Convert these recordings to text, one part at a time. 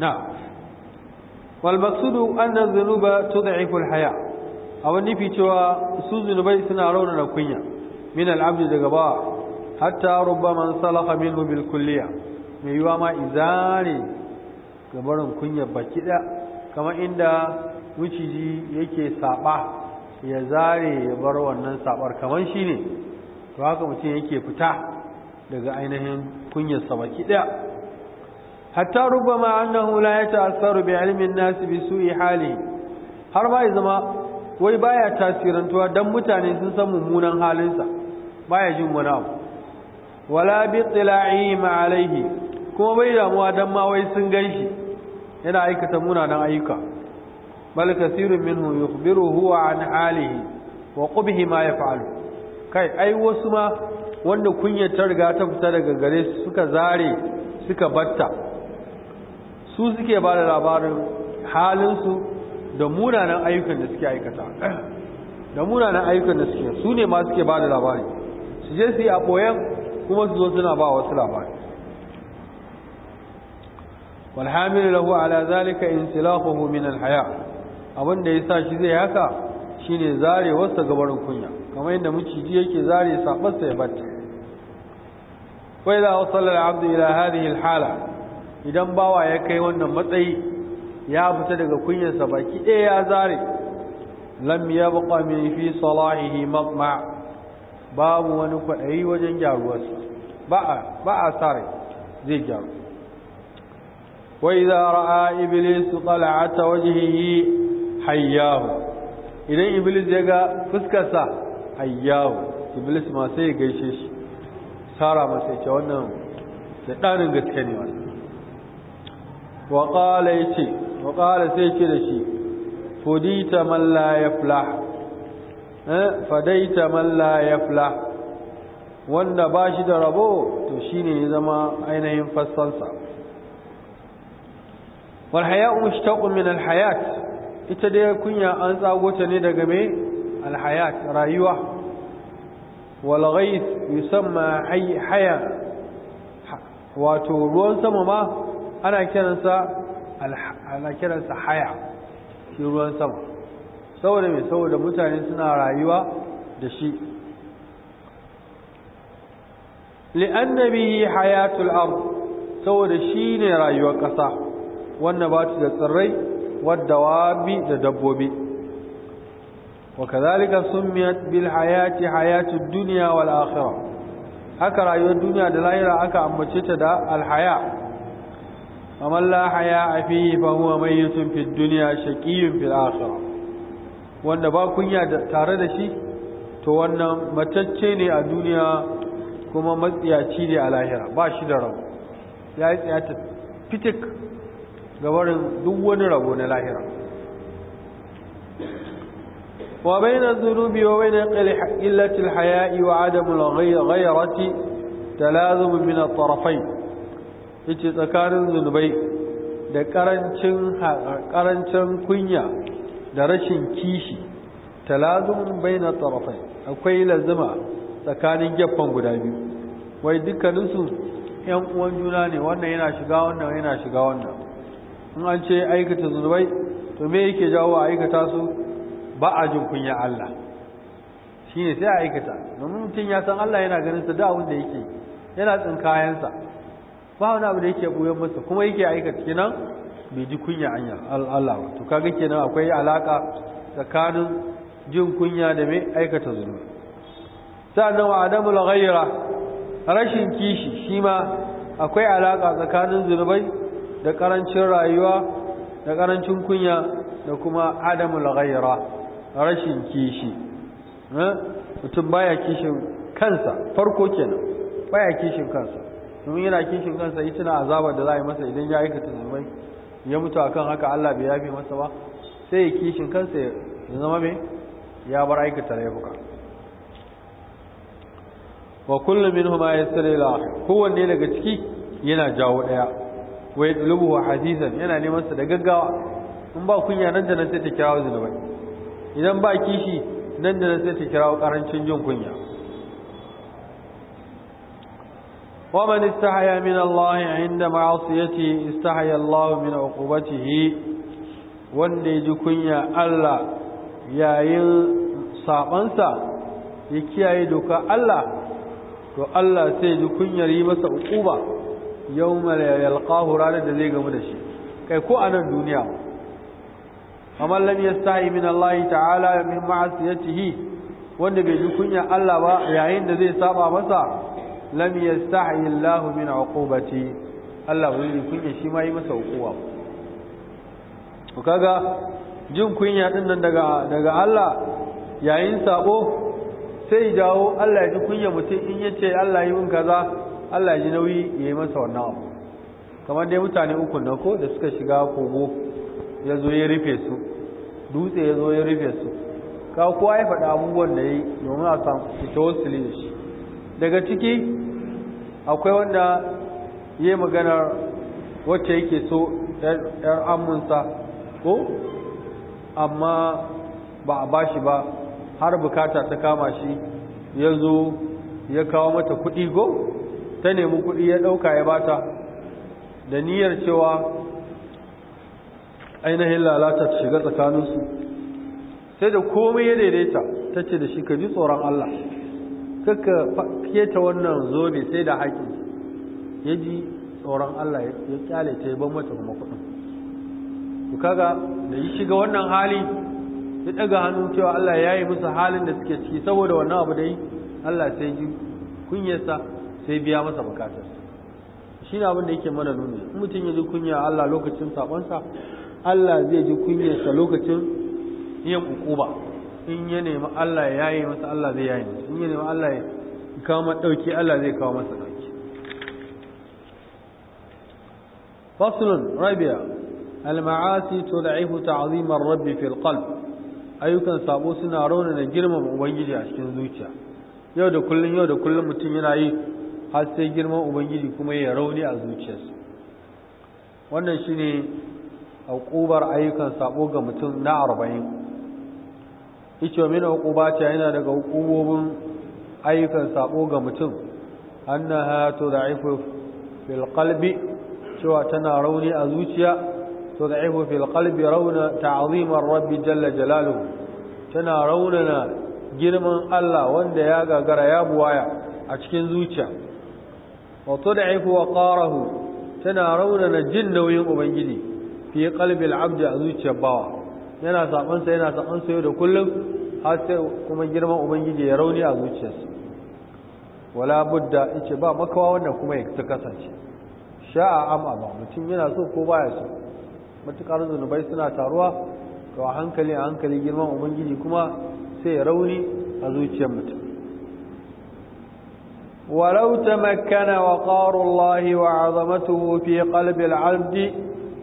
na walmaksudu an zunuba tu da haya a wani nufi cewa su zunubai suna da kunya min al'abdi daga ba hatta rubba salafa salaha minhu bil kulliya mai yiwa ma izare gabarin kunya baki da kamar inda wuciji yake saba ya zare ya bar wannan sabar kamar shine to haka mutum yake fita daga ainihin kunyarsa baki daya hatta ruba annahu la ya bi ilmi an-nas bi su'i hali har ma ya zama wai baya tasirantuwa dan mutane sun san mummunan halinsa baya jin wani abu wala bi tila'i ma alaihi kuma bai damuwa dan ma wai sun ganshi yana aikata munanan ayyuka bal kasirun minhu yukhbiruhu an halihi wa qubhi ma yaf'alu kai ai wasu ma wanda kunya ta riga ta fita daga gare su suka zare suka batta su suke ba da labarin halinsu da munanan ayyukan da suke aikata da munanan ayyukan da suke su ne ma suke ba da labari su je su yi a ɓoyen kuma su zo suna ba wasu labari walhamir lahu ala zalika insilafahu min haya? abin da ya sa shi zai haka shine zare wasta gabarin kunya kamar yadda miciji yake zare sabarsa ya batta wa idza wasala al-abdu ila idan bawa ya kai wannan matsayi ya fita daga kunyarsa baki ɗaya ya zare lam ya baƙwa min fi salahihi maqma babu wani kwaɗayi wajen gyaruwarsa ba a tsare zai gyaru Wai za a ra'a iblis su tal'ata yi hayyahu idan iblis ya ga fuskarsa hayyahu iblis masu yi gaishe shi sara masu ya wannan da ɗanin gaske ne wannan Waƙala qala yace wa sai ce da shi fudita fadaita malla ya eh, yaflah wanda shi da rabo to shine ya zama ainihin fassansa. Walhaya, haya'u mushtaqun ita dai kunya an tsago ne daga mai alhayat rayuwa wal ghayth yusamma hayya wato ruwan sama ma ana kiransa ana kiransa haya shi ruwan sama saboda mai saboda mutane suna rayuwa da shi li'anna bihi hayatul ard saboda shi ne rayuwar ƙasa wanda ba ta da tsirrai wadda wabi da dabbobi wa kazalika sumiyat bil hayati hayatud dunya wal akhirah haka rayuwar duniya da lahira aka ambace ta da alhaya ومن لا حياء فيه فهو ميت في الدنيا شقي في الآخرة wanda ba kunya tare da shi to wannan matacce ne a duniya kuma matsiyaci ne a lahira ba shi da rabo ya yi tsayata fitik gabarin duk wani rabo na lahira wa bayna dhunubi wa bayna qillati al-haya'i wa adam al-ghayrati talazum min at yace tsakanin zunubai da karancin karancin kunya da rashin kishi talazum baina tarafai akwai lazima tsakanin gefan guda biyu wai dukkaninsu yan uwan juna ne wannan yana shiga wannan yana shiga wannan in an ce aikata zunubai to me yake jawo a aikata su ba a jin kunya Allah shine sai a aikata domin mutum ya san Allah yana ganin sa da abin da yake yana tsin kayansa ba wani abu da yake buyan masa kuma yake aikata kenan bai ji kunya anya Allah to kaga kenan akwai alaka tsakanin jin kunya da mai aikata zunubi sannan wa adamul ghaira rashin kishi shi ma akwai alaka tsakanin zunubai da karancin rayuwa da karancin kunya da kuma adamul ghaira rashin kishi eh? mutum baya kishin kansa farko kenan baya kishin kansa domin yana kishin kansa yi tuna azabar da za a yi masa idan ya aikata zunubai ya mutu akan haka Allah bai yafe masa ba sai ya kishin kansa ya zama mai ya bar aikata laifuka wa kullum min huma ya tsare la kowanne daga ciki yana jawo ɗaya Wai ya wa hadisan yana neman sa da gaggawa in ba kunya nan da nan sai ta kirawo zunubai idan ba kishi nan da nan sai ta kirawo ƙarancin jin kunya ومن استحيا من الله عند معصيته استحيا الله من عقوبته wanda ya ji kunya Allah yayin sabansa ya kiyaye doka Allah to Allah sai ji kunyar yi masa uquba yawma yalqahu ranar da zai gamu da shi kai ko a nan duniya amma lam yastahi min Allah ta'ala min ma'asiyatihi wanda bai ji kunya Allah ba yayin da zai saba masa lam yastahi Allah min uqubati Allah wani kunya shi ma yi masa hukuma ku kaga jin kunya din nan daga daga Allah yayin sabo sai jawo Allah ya ji kunya mutum in yace Allah yi min kaza Allah ya ji nauyi yi masa wannan abu kamar dai mutane uku na ko da suka shiga kogo ya zo ya rufe su dutse ya zo ya rufe su ka kowa ya faɗa abubuwan da yi domin a samu fito silin shi daga ciki akwai wanda yi maganar wacce yake so ‘yar amunsa ko amma ba a bashi ba har bukata ta kama shi ya zo ya kawo mata kuɗi go ta nemi kuɗi ya ɗauka ya bata da niyyar cewa ainihin lalata ta shiga tsakaninsu sai da komai ya daidaita ta ce da shi ka ji tsoron Allah suka keta wannan zobe sai da haƙi ya ji tsoron Allah ya kyale ta ban mata kuma kuɗin to kaga da yi shiga wannan hali ya daga hannu cewa Allah ya yi musu halin da suke ciki saboda wannan abu da yi Allah sai ji kunyarsa sai biya masa bukatar shi ne abin da yake mana nuni in mutum ya ji kunya Allah lokacin saƙonsa Allah zai ji kunyarsa lokacin yin ukuba in ya nemi Allah ya yi masa Allah zai yayi in ya nemi Allah ya kawo masa dauki Allah zai kawo masa dauki faslun rabi'a al-ma'asi tud'ifu ta'zima ar-rabb fi al-qalb ayyukan sabo suna rauna da girmama ubangiji a cikin zuciya yau da kullun yau da kullun mutum yana yi har sai girman ubangiji kuma ya rauni a zuciyarsa wannan shine haƙubar ayyukan sabo ga mutum na arba'in. yace min uqubati yana daga hukumomin ayyukan sabo ga mutum annaha tud'ifu fil qalbi cewa tana rauni a zuciya tud'ifu fil qalbi rauna azimar rabbi jalla jalaluhu tana raunana girman Allah wanda ya gagara ya buwaya a cikin zuciya wa tud'ifu waqarahu tana raunana jin nauyin ubangiji fi qalbi al a zuciyar bawa yana sabansa yana sabansa yau da kullum har sai kuma girman ubangiji ya rauni a zuciyarsa wala budda yace ba makawa wannan kuma ya ta kasance sha'a am ba mutum yana so ko baya so matukar zunubai suna taruwa to a hankali a hankali girman ubangiji kuma sai ya rauni a zuciyar mutum ولو تمكن وقار الله وعظمته في قلب العبد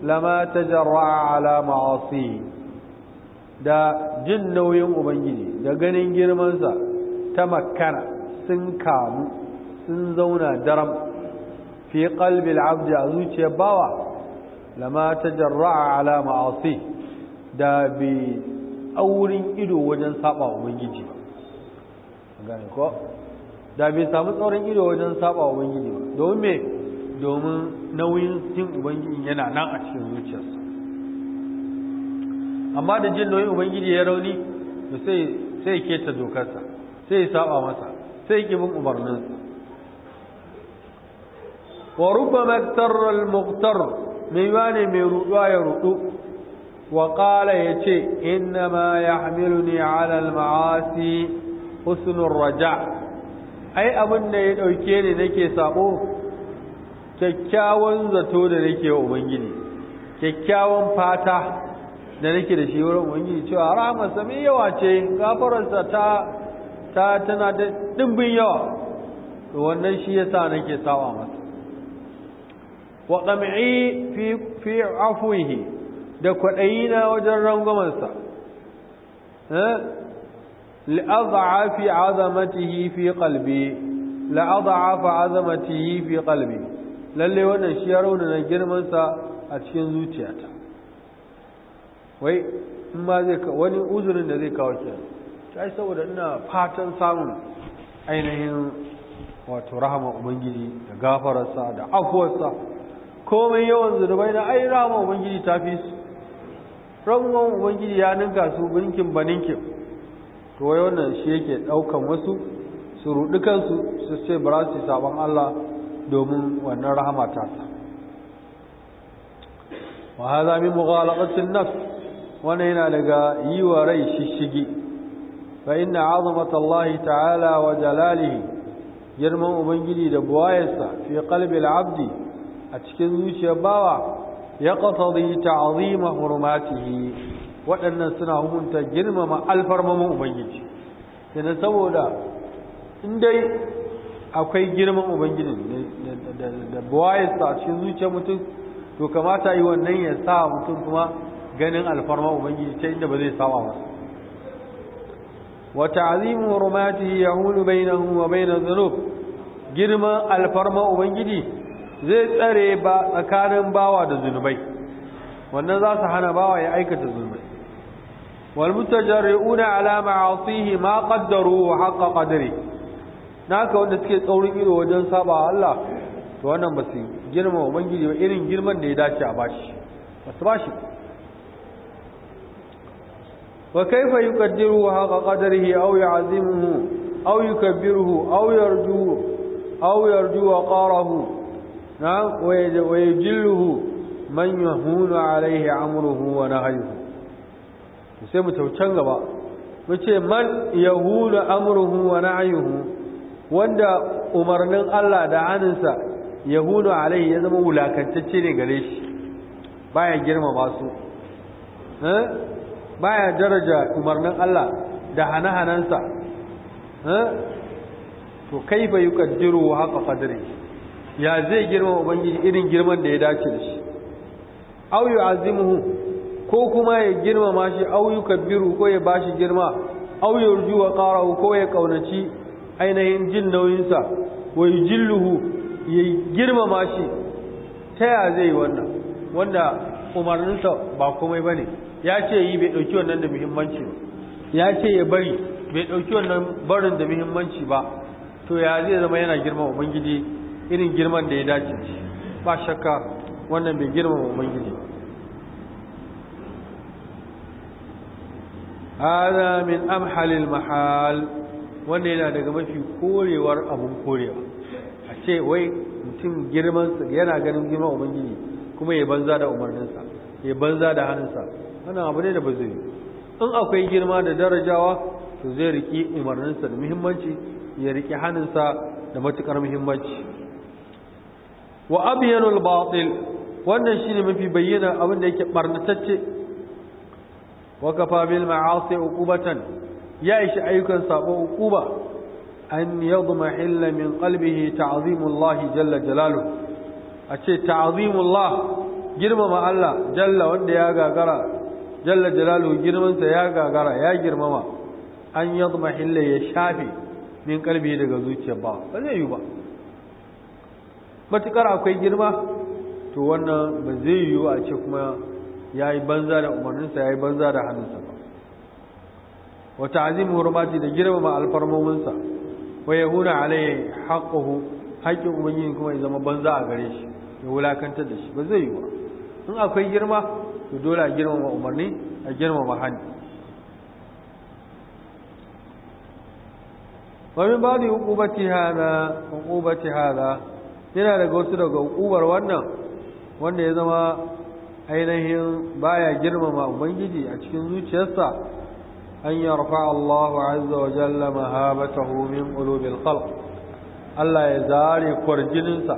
لما تجرع على معاصيه da jin nauyin ubangiji da ganin girmansa ta makana sun kamu sun zauna daram fi abdi a zuciyar bawa lama jarra'a alama ma'asi da bi aurin ido wajen saba ubangiji ba ko da bai samu tsaurin ido wajen saba ubangiji ba domin me domin nauyin sin ubangiji yana nan a cikin zuciyarsa amma da jin nauyin ubangiji ya rauni to sai sai keta dokarsa sai ya saba masa sai ki bin umarninsa wa rubbama tarra al-muqtar mai ne mai ruduwa ya rudu wa qala yace inna ma yahmiluni ala al-ma'asi husnur raja' ai abin da ya ɗauke ni nake sabo kyakkyawan zato da nake wa ubangiji kyakkyawan fata da nake da shi wurin ubangiji cewa rahama mai yawa ce gafararsa ta ta tana da dimbin yawa to wannan shi yasa nake sawa masa wa qam'i fi fi afwihi da na wajen rangwamansa eh li adhafi azamatihi fi qalbi la adhafa azamatihi fi qalbi lalle wannan shi ya raunana girman sa a cikin zuciyata wai in ma zai wani uzurin da zai kawo ta yi saboda ina fatan samun ainihin wato rahama ubangiji da gafararsa da afuwarsa komai yawan zunubai na ai rahama ubangiji ta fi su rangon ubangiji ya ninka su binkin baninkin to wai wannan shi yake ɗaukan wasu su rudi kansu su ce ba za su sabon Allah domin wannan rahama ta sa wa hadha min mughalaqatin nafs wannan yana daga yi wa rai shishigi fa inna azamatallahi ta'ala wa jalalihi girman ubangiji da buwayarsa fi qalbil abdi a cikin zuciyar bawa ya qasadi ta'zima hurmatihi waɗannan suna hukunta girmama alfarmamin ubangiji kenan saboda in dai akwai girman ubangiji da buwayarsa a cikin zuciyar mutum to kamata yi wannan ya sa mutum kuma ganin alfarma ubangiji ce inda ba zai saba masa wa ta'zimu hurmatihi yahulu bainahu wa bain adh-dhunub girman alfarma ubangiji zai tsare ba tsakanin bawa da zunubai wannan za su hana bawa ya aikata zunubai wal mutajarri'una ala ma'asihi ma qaddaru wa haqqa qadri naka wanda suke tsaurin ido wajen saba Allah to wannan ba su girma ubangiji ba irin girman da ya dace a bashi ba su bashi wa kaifa yuqaddiru haqa qadarihi aw yu'azimuhu aw yukabbiruhu aw yarjuhu aw yarju qarahu na'am wa yajilluhu man yahunu alayhi amruhu wa na nahyuhu sai mu taucan gaba mu ce man ya hunu amruhu wa na nahyuhu wanda umarnin Allah da aninsa yahunu alayhi ya zama wulakantacce ne gare shi bayan girmama su baya daraja umarnin Allah da hana-hanansa to kai kaifa yuqaddiru haka qadri ya zai girma ubangiji irin girman da ya dace da shi aw yu'azimuhu ko kuma ya girmama shi aw yukabbiru ko ya bashi girma aw yurju wa ko ya kaunaci ainihin jin nauyinsa Wai jilluhu ya girmama shi ta ya zai wannan wanda umarninsa ba komai bane ya ce yi bai ɗauki wannan da muhimmanci ba ya ce ya bari bai ɗauki wannan barin da muhimmanci ba to ya zai zama yana girma ubangiji irin girman da ya dace ba shakka wannan bai girma ubangiji Ana min amhalil mahal wanda yana daga mafi korewar abun korewa a ce wai mutum girmansa yana ganin girman ubangiji kuma ya banza da umarninsa ya banza da hannunsa wannan abu ne da ba zai in akwai girma da darajawa to zai riki umarninsa da muhimmanci ya riki hannunsa da matukar muhimmanci wa al batil wannan shine mafi bayyana abin da yake barnatacce wa kafa bil ma'asi uqubatan ya ishi ayyukan sabo uquba an yadmahilla min qalbihi ta'zimullahi jalla jalaluhu a ce ta'azimullah girmama Allah jalla wanda ya gagara jalla jalalu girmansa ya gagara ya girmama an yadma hille ya shafe min kalbi daga zuciyar ba ba zai yi ba matukar akwai girma to wannan ba zai yi a ce kuma ya yi banza da umarninsa ya yi banza da hannunsa ba wata azimin hurmati da girmama alfarmominsa wa ya huna alayhi haƙƙahu haƙƙin ubangiji kuma ya zama banza a gare shi ya wulakantar da shi ba zai yi ba in akwai girma to dole a girmama umarni a girmama hani wani ba da hukubati hada hukubati hada yana da wasu daga hukubar wannan wanda ya zama ainihin baya girmama ubangiji a cikin zuciyarsa an Allah Allahu azza wa jalla mahabatahu homin ulubin khalq Allah ya zare kwarjininsa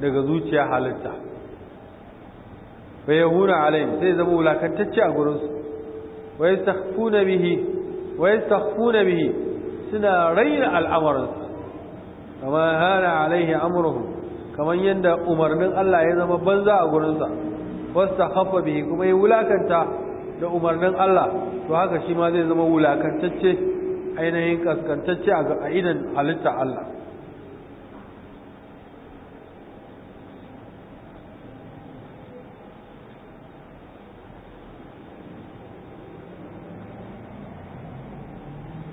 daga zuciyar halitta fa yahuna alai sai zama wulakantacce a gurinsu? su wa yastakhfuna bihi wa yastakhfuna bihi suna raina su. kama hana alaihi amruhum kaman yanda umarnin Allah ya zama banza a gurinsa sa wastakhaffa bihi kuma ya wulakanta da umarnin Allah to haka shi ma zai zama wulakantacce ainihin kaskantacce a idan halitta Allah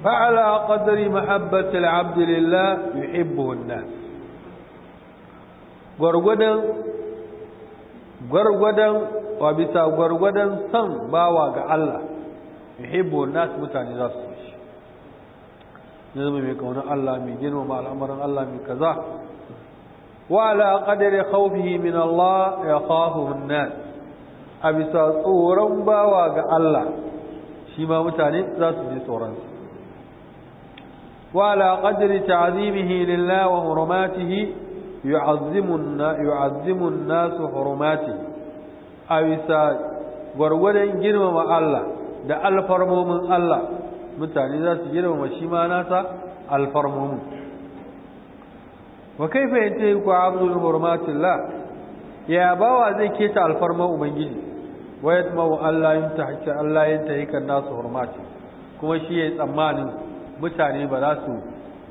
فعلى قدر محبة العبد لله يحبه الناس gwargwadon gwargwadon wa bisa gwargwadon son bawa ga Allah yuhibbu nas mutane za su shi ne zama mai kaunar Allah mai girmama al'amarin Allah mai kaza wa ala qadari khawfihi min Allah ya khafu nas a bisa tsoron bawa ga Allah shi ma mutane za su ji tsoron وعلى قدر تعظيمه لله وحرماته يعظم يعظم الناس حرماته أيسا gwargwadon girmama Allah da alfarmomin Allah mutane za su girmama shi ma nasa alfarmomin wa kaifa yace ku abdul hurmatillah ya bawa zai keta alfarma ubangiji wa yatma Allah yanta hakka Allah yanta yakan nasu hurmati kuma shi yayi tsammanin mutane ba za su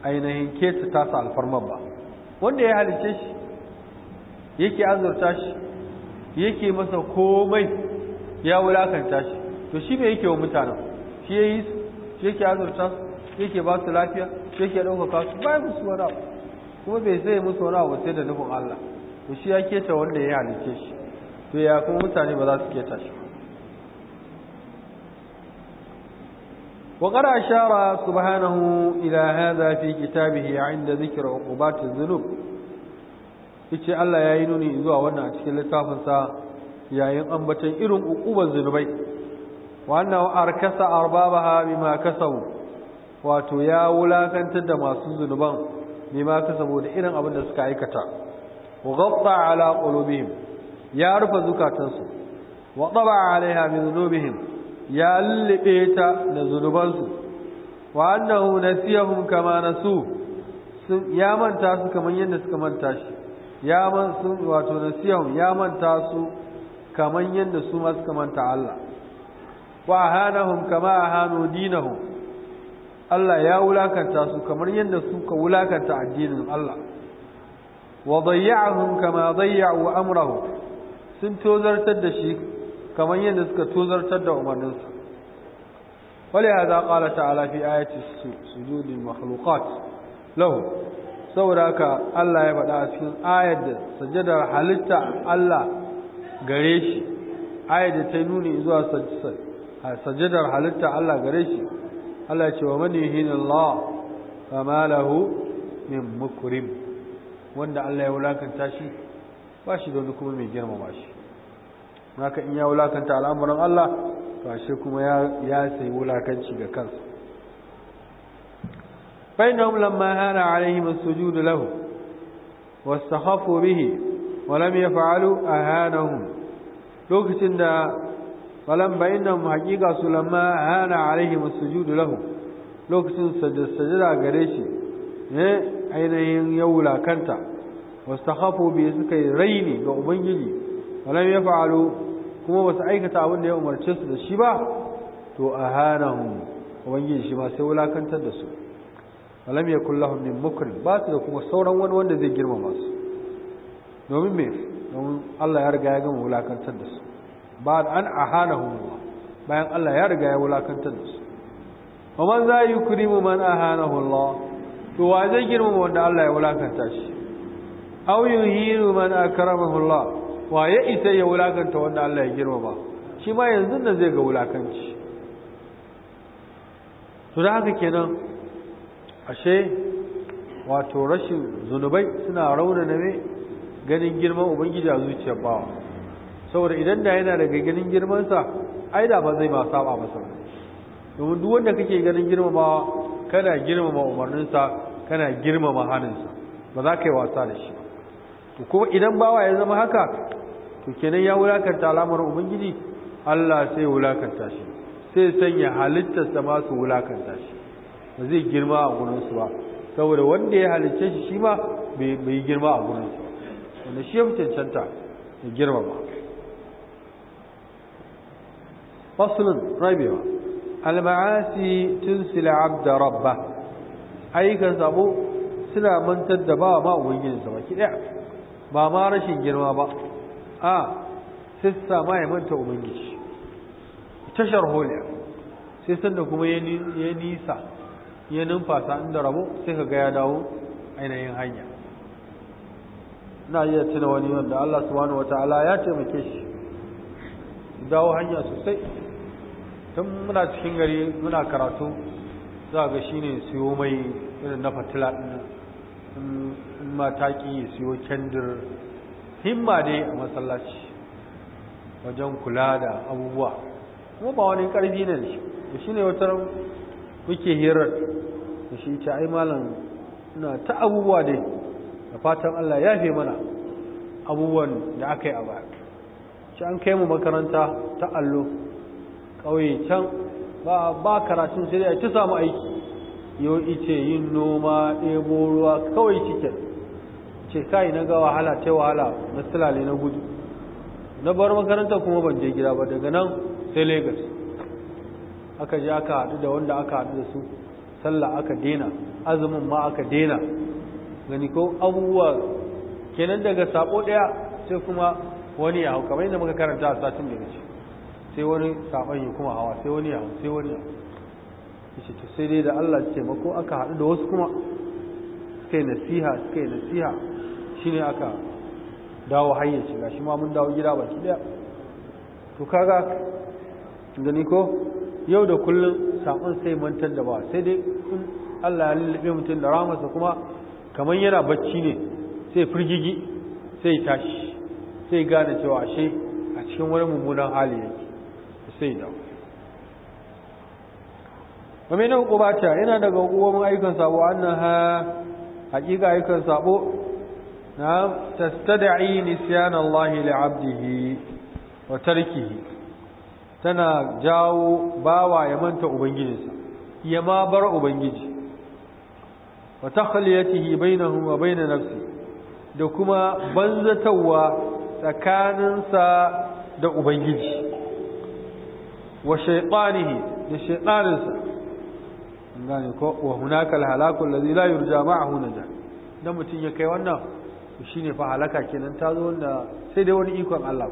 ainihin keta tasa alfarmar ba wanda ya halice shi yake azurta shi yake masa komai ya wulakanta shi to shi mai yake wa mutanen shi ya yi su shi yake azurta su yake ba su lafiya shi yake ɗaukaka su ba musu wani abu kuma bai zai musu wani abu sai da nufin Allah to shi ya keta wanda ya halice shi to ya kuma mutane ba za su keta shi وقد أشار subhanahu إلى zafi, في كتابه عند ذكر عقوبات الذنوب yace Allah ya yi nuni zuwa wannan a cikin littafinsa yayin ambaton irin ukubar zunubai wannan arkasa arbabaha bima kasabu wato ya wulakantar da masu zunuban bima kasabu da irin abin da suka aikata wa ghatta ala qulubihim ya rufe zukatansu wa taba alaiha bi dhunubihim ya allibe ta da zunubansu wa annahu nasiyahum kama nasu sun ya manta su kaman yadda suka manta shi ya man sun wato nasiyahum ya manta su kaman yadda su ma suka manta Allah wa ahanahum kama ahanu dinahum Allah ya wulakanta su kamar yadda suka wulakanta addinin Allah wa dayya'ahum kama dayya'u amrahu sun tozartar da shi kamar yadda suka tuzartar da umarninsa wale ya za ƙala ta'ala fi ayati sujudi makhlukat lau saboda haka Allah ya faɗa a cikin ayar da sajadar halitta Allah gare shi ayar da ta nuni zuwa sajadar halitta Allah gare shi Allah ya ce wa man yuhina Allah ma lahu min mukrim wanda Allah ya wulakanta shi ba shi da wani kuma mai girma ba shi haka in ya wulakanta al'amuran Allah fashe kuma ya ya sai wulakanci ga kansa bainahum lamma hara alaihim as-sujud lahu wastakhafu bihi wa lam yaf'alu ahanahum lokacin da walam bainahum haqiqa sulamma hara alaihim as-sujud lahu lokacin sajda sajda gare shi eh ainihin ya wulakanta wastakhafu bi suka yi raini ga ubangiji walam ya fa'alu kuma ba su aikata abin da ya umarce su da shi ba to a hana mu ubangiji shi ma sai wulakantar da su walam ya kullahum min mukrim ba su da kuma sauran wani wanda zai girmama su domin me domin Allah ya riga ya gama wulakantar da su ba an ahanahum bayan Allah ya riga ya wulakantar da su wa man za yukrimu man ahanahu Allah to wa zai girmama wanda Allah ya wulakanta shi aw yuhinu man akramahu Allah wa ya isa ya wulakanta wanda Allah ya girmama shi ma yanzu nan zai ga wulakanci to da haka kenan ashe wato rashin zunubai suna na ne ganin girman ubangiji a zuciyar bawa saboda idan da yana daga ganin girmansa ai da ba zai ba saba masa ba domin duk wanda kake ganin girmamawa kana girmama umarninsa kana girmama haninsa ba za ka yi wasa da shi ba idan bawa ya zama haka to kenan ya wulakanta alamar ubangiji Allah sai wulakanta shi sai sanya halittarsa ma su wulakanta shi ba zai girma a gurinsu ba saboda wanda ya halicce shi shi ma bai girma a gurinsu wanda shi ya fi cancanta ya girma ba fasulun rabewa alma'asi tun sila abda rabba ayyukan sabo suna mantar da ba ma ubangijinsa ba ki ɗaya ba ma rashin girma ba a sai su ya manta ubangiji ta sharholiya sai da kuma ya nisa ya numfasa inda rabo sai ka gaya ya dawo ainihin hanya na iya tuna wani wanda Allah subhanahu ala ya taimake shi dawo hanya sosai tun muna cikin gari muna karatu za ga shi ne siyo mai irin na fatila ɗin mataki siyo kendir himma dai a masallaci wajen kula da abubuwa kuma ba wani ƙarfi ne da shi ne wata muke hirar da shi ta ai malam na ta abubuwa dai da fatan Allah ya fi mana abubuwan da aka yi a baya shi an kai mu makaranta ta allo ƙauye can ba karatun sai ya ta ci samu aiki yau ice yin noma ɗebo ruwa kawai cikin ce kai na ga wahala ta wahala na silale na gudu na bar makaranta kuma ban je gida ba daga nan sai lagos aka je aka haɗu da wanda aka haɗu da su sallah aka dena azumin ma aka dena gani ko abubuwa kenan daga sabo ɗaya sai kuma wani ya hau kamar yadda muka karanta a satin da ce sai wani saban ya kuma hawa sai wani ya sai wani ya to sai dai da Allah ce mako aka haɗu da wasu kuma suka yi nasiha suka yi nasiha shine aka dawo hayyaci shi ma mun dawo gida baki daya to kaga gani ko yau da kullum sakon sai mantar da ba sai dai in Allah ya lalle mutum da rahamarsa kuma kamar yana bacci ne sai firgigi sai tashi sai gane cewa ashe a cikin wani mummunan hali yake sai dawo wame na hukubata yana daga hukumomin ayyukan sabo annan ha hakika ayyukan sabo نعم تستدعي نسيان الله لعبده وتركه تنا جاو باوا يمنت أبنجيس يما بر أبنجيس وتخليته بينه وبين نفسه da kuma banzatawa tsakaninsa da Ubangiji wa shaiƙanihi da shaiƙaninsa ga ne ko wa hunakal halakun lalzi la yurja ma'ahu na mutum ya kai wannan shi ne fa kenan ta zo wanda sai dai wani ikon Allah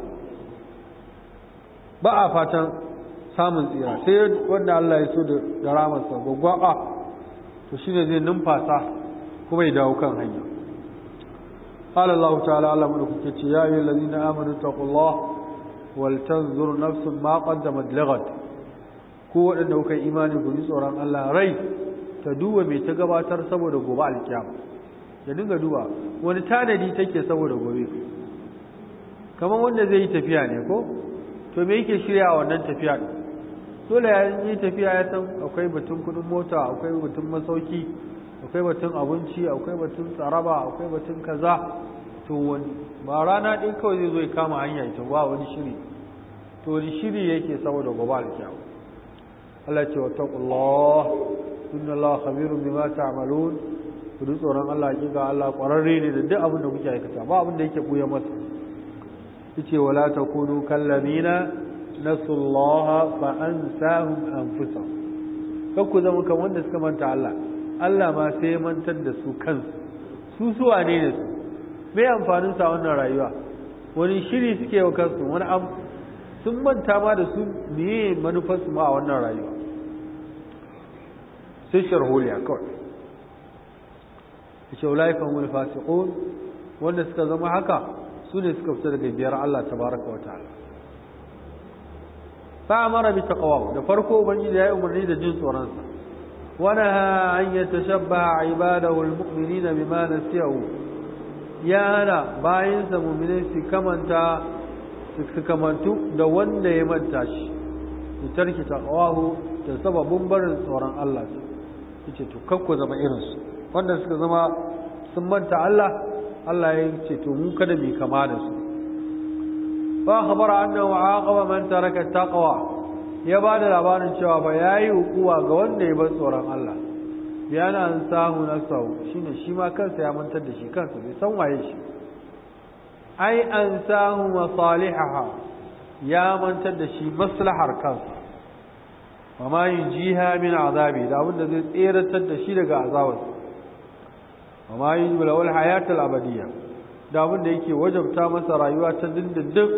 ba a fatan samun tsira sai wanda Allah ya so da ramarsa gwaggwaɓa to shi ne zai numfasa kuma ya dawo kan hanya قال الله تعالى ce ملكك يا أيها الذين آمنوا اتقوا الله ولتنظر نفس ما قدمت لغد ko waɗanda kuka imani ku tsoron Allah rai ta duba mai ta gabatar saboda gobe alkiyama ya dinga duba wani tanadi take saboda gobe kamar wanda zai yi tafiya ne ko to me yake shirya a wannan tafiya dole ya yi tafiya ya san akwai batun kudin mota akwai batun masauki akwai batun abinci akwai batun tsaraba akwai batun kaza to wani ba rana ɗin kawai zai zo ya kama hanya ita ba wani shiri to wani shiri yake saboda gobe alkyawu Allah ce wa taqullah inna Allah khabirun bima ta'malun ku duk tsoron Allah ga Allah ƙwararre ne da duk abin da kuke aikata ba abin da yake buya masa yace wala takunu kallamina nasullaha fa ansahum anfusahum kar ku zama kan wanda suka manta Allah Allah ma sai mantar da su kansu su su wane ne su me amfanin sa wannan rayuwa wani shiri suke wa kansu wani am sun manta ma da su meye manufar su ma a wannan rayuwa sai sharholiya kawai yace laifin wani fasiqun wanda suka zama haka su ne suka fita daga biyar Allah baraka wa ta'ala fa amara bi taqwa da farko ubangiji ya yi umarni da jin tsoronsa, sa wa naha an yatashabbaha ibadahu almu'minina bima nasiyahu ya hana bayin sa mu'minin su kamanta su kamantu da wanda ya manta shi su tarki taqwahu da sababin barin tsoron Allah su ce to kakku zama irinsu wanda suka zama sun manta Allah Allah ya ce to mu kada mu kama da su fa khabara annahu aqaba man taraka taqwa ya ba da labarin cewa ba ya yi hukuwa ga wanda ya bar tsoron Allah ya na an samu na sau shi ne shi ma kansa ya mantar da shi kansa bai san waye shi ai an samu masalihaha ya mantar da shi maslahar kansa wa ma jiha min azabi da abin da zai tseratar da shi daga azabarsa amma yi jula wal hayatul abadiyya da abin da yake wajabta masa rayuwa ta dindindin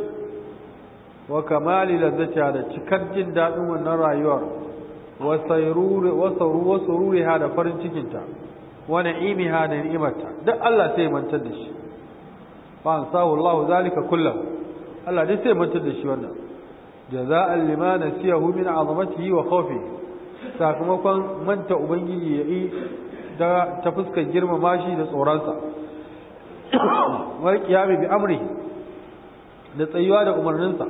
wa kamali zata da cikar jin daɗin wannan rayuwar wa sayruri wa ha da farin cikinta wa ha da ni'imarta duk Allah sai mantar da shi fa ansahu Allah zalika kullum. Allah dai sai mantar da shi wannan jaza'an lima nasiyahu min azamatihi wa khawfihi sakamakon manta ubangiji ya yi. ta fuskar girmama shi da tsoronsa wal kiyami bi amri da tsayuwa da umarninsa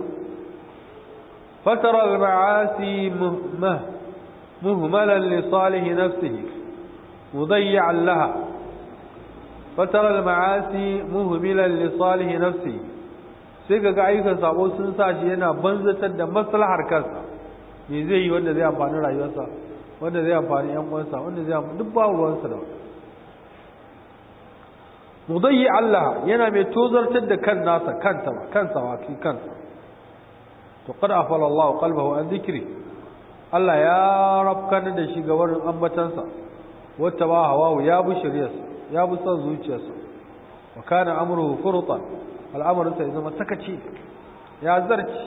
fatara al-ma'asi muhmalan li salih nafsihi mudayyi'an laha fatara al-ma'asi muhmilan li salih nafsihi sai kaga ayyukan sabo sun sa shi yana banzatar da maslahar kansa me zai yi wanda zai amfani rayuwarsa wanda zai amfani yan uwansa wanda zai amfani duk ba ruwansa da mudayyi Allah yana mai tozartar da kan nasa kanta ba kansa ba fi kansa to qad afala Allah qalbahu an dhikri Allah ya rafkana da shi ga wurin ambatansa wata ba hawa ya bu shiriyarsa ya bu son zuciyarsa wa kana amruhu furtan al'amarinsa ya zama sakaci ya zarci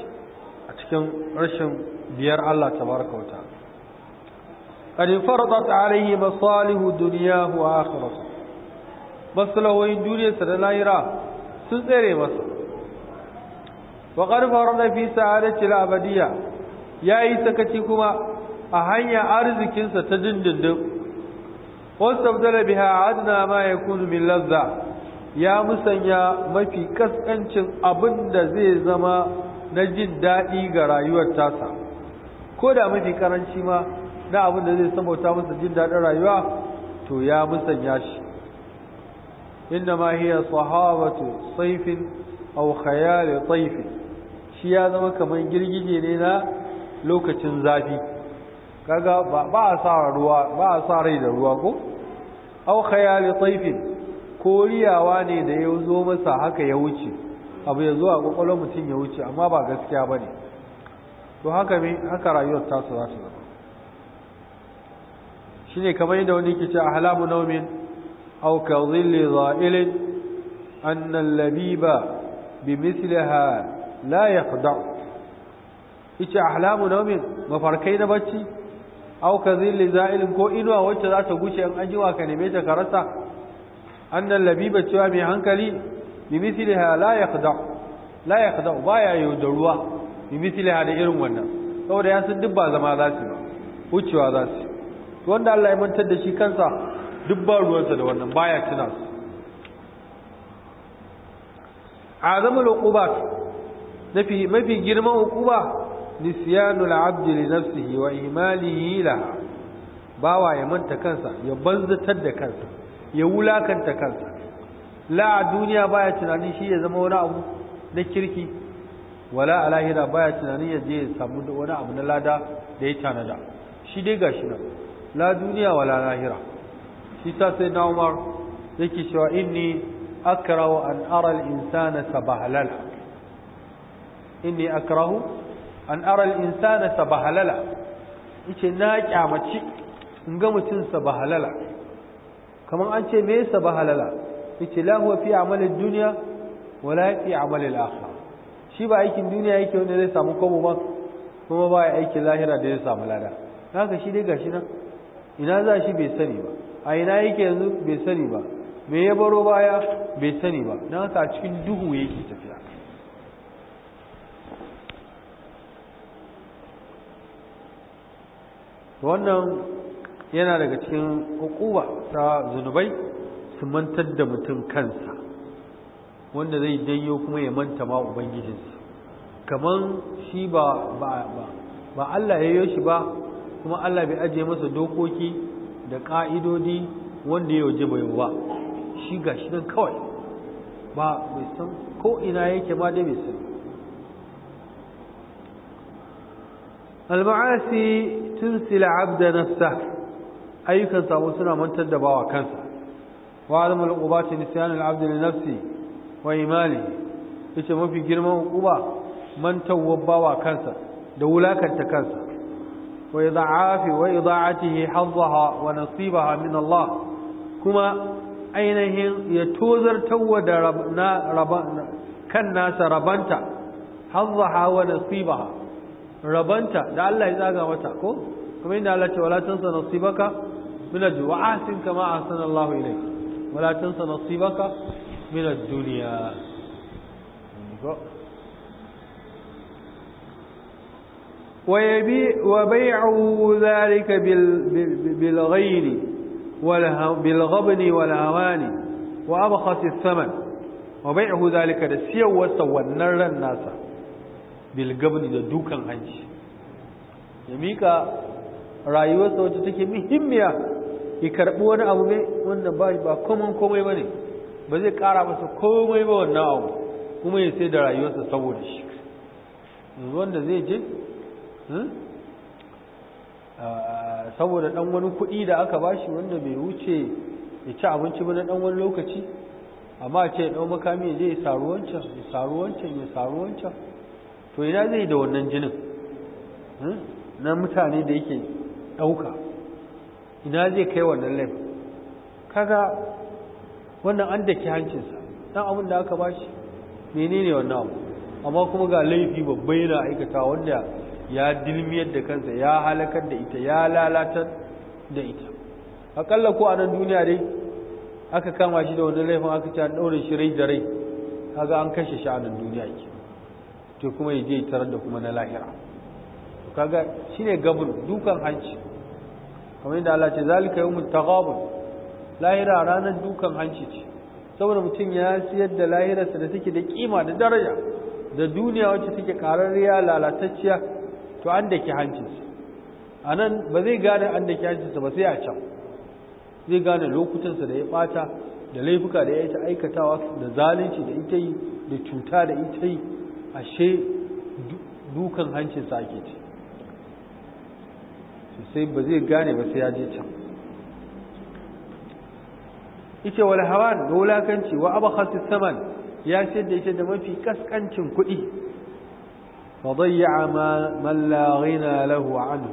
a cikin rashin biyar Allah ta wa wata. قد فرضت عليه مصالح دنياه وآخرته maslahoyin duniyarsa da lahira sun tsere masa wa ƙarfar na fi sa'adacin abadiya ya yi sakaci kuma a hanya arzikinsa ta dindindin wasu abdala biha adna ma ya kunu min lazza ya musanya mafi kaskancin abin da zai zama na jin daɗi ga rayuwar tasa ko da mafi karanci ma na abin da zai sabauta masa jin daɗin rayuwa to ya musanya shi inda ma hiya sahabatu saifin aw khayal tayf shi ya zama kamar girgije ne na lokacin zafi kaga ba a sa ruwa ba a sa rai da ruwa ko aw khayal tayf ko ne da ya zo masa haka ya wuce abu ya zo a kwakwalwar mutum ya wuce amma ba gaskiya ba ne to haka me haka rayuwar tasu za zama shine kamar yadda wani yake cewa halamu naumin aw ka dhilli dha'ilin anna al-labiba bimithliha la yaqda ita ahlamu naumin mafarkai na bacci aw ka dhilli ko inuwa wacce za ta guce an ajiwa ka neme ta karasa anna al-labiba cewa mai hankali bimithliha la yaqda la yaqda baya yaudaruwa bimithliha da irin wannan saboda ya san duk ba zama za su ba wucewa za su to wanda Allah ya mantar da shi kansa duk ba ruwansa da wannan baya tuna su azamul uqubat nafi mafi girman uquba nisyanul abdi li nafsihi wa imalihi laha bawa ya manta kansa ya banzatar da kansa ya wulakanta kansa la duniya baya tunanin shi ya zama wani abu na kirki wala al'ahira baya tunanin ya je ya samu wani abu na lada da ya tanada shi dai gashi nan la duniya wala lahira shi sai na umar yake cewa inni akrahu an ara al-insana tabahlala inni akrahu an ara na kyamaci in ga mutum sabahlala kamar an ce me sabahlala yace la huwa fi amali duniya wala fi amali akhirah shi ba aikin duniya yake wanda zai samu kobo ba kuma ba aikin lahira da zai samu lada haka shi dai gashi nan ina za shi bai sani ba a ina yake yanzu bai sani ba me ya baro baya bai sani ba don haka cikin duhu yake tafiya wannan yana daga cikin hukuba ta zunubai su mantar da mutum kansa wanda zai janyo kuma ya manta ma ubangijinsa kamar shi ba ba Allah ya yi shi ba kuma Allah bai ajiye masa dokoki da ƙa'idodi wanda ya waje bai ba shi ga shi nan kawai ba bai san ko ina yake ma dai bai san al-ma'asi tunsila abda nafsa ayyukan sabo suna mantar da bawa kansa wa alamul uqubati nisyan al-abd li nafsi wa imali yace mafi girman uba, mantawa bawa kansa da wulakanta kansa وإضعاف وإضاعته حظها ونصيبها من الله كما ainihin ya tozartarwa da kan nasa rabanta hazzaha nasibaha rabanta da Allah ya zaga mata ko kuma inda Allah ce wala tansa nasibaka min wa ahsin kama ahsana Allah ilayk wala nasibaka وبيعه ذلك بالغين بالغبن والهوان وأبخس الثمن وبيعه ذلك da siyarwarsa wannan ran nasa bilgabni da dukan hanci ya mika rayuwarsa wacce take muhimmiya ya karɓi wani abu mai wanda ba ba komai komai ba ba zai ƙara masa komai ba wannan abu kuma ya sai da rayuwarsa saboda shi wanda zai je Hmm? Ah, saboda ɗan wani kuɗi da aka bashi wanda bai wuce ya ci abinci ba na ɗan wani lokaci amma a ce ɗan makami ya je ya saru wancan ya saru wancan ya saru wancan to ina zai da wannan jinin hmm? na mutane da yake ɗauka ina zai kai wannan laifin kaga wannan an ke hancinsa ɗan abin da aka bashi menene wannan abu amma kuma ga laifi babba yana aikata wanda ya dilmiyar da kansa ya halakar da ita ya lalatar da ita akalla ko a nan duniya dai aka kama shi da wani laifin aka ci daure shi rai da rai kaga an kashe shi a nan duniya ke to kuma ya je tarar da kuma na lahira kaga shine gabur dukan hanci kamar yadda Allah ce zalika yawmut taghabun lahira ranar dukan hanci ce saboda mutum ya siyar da lahirarsa da take da kima da daraja da duniya wacce take kararriya lalatacciya to an da ke hancinsa a nan ba zai gane an da ke hancinsa ba sai a can zai gane lokutansa da ya ɓata da laifuka da ya ta aikatawa da zalunci da ita yi da cuta da ita yi ashe dukan hancinsa ake ce sai ba zai gane ba sai ya je can ita wani hawan da wulakanci wa abakhasi saman ya ce da ita da mafi kaskancin kuɗi وضيع ما من لا غنى له عنه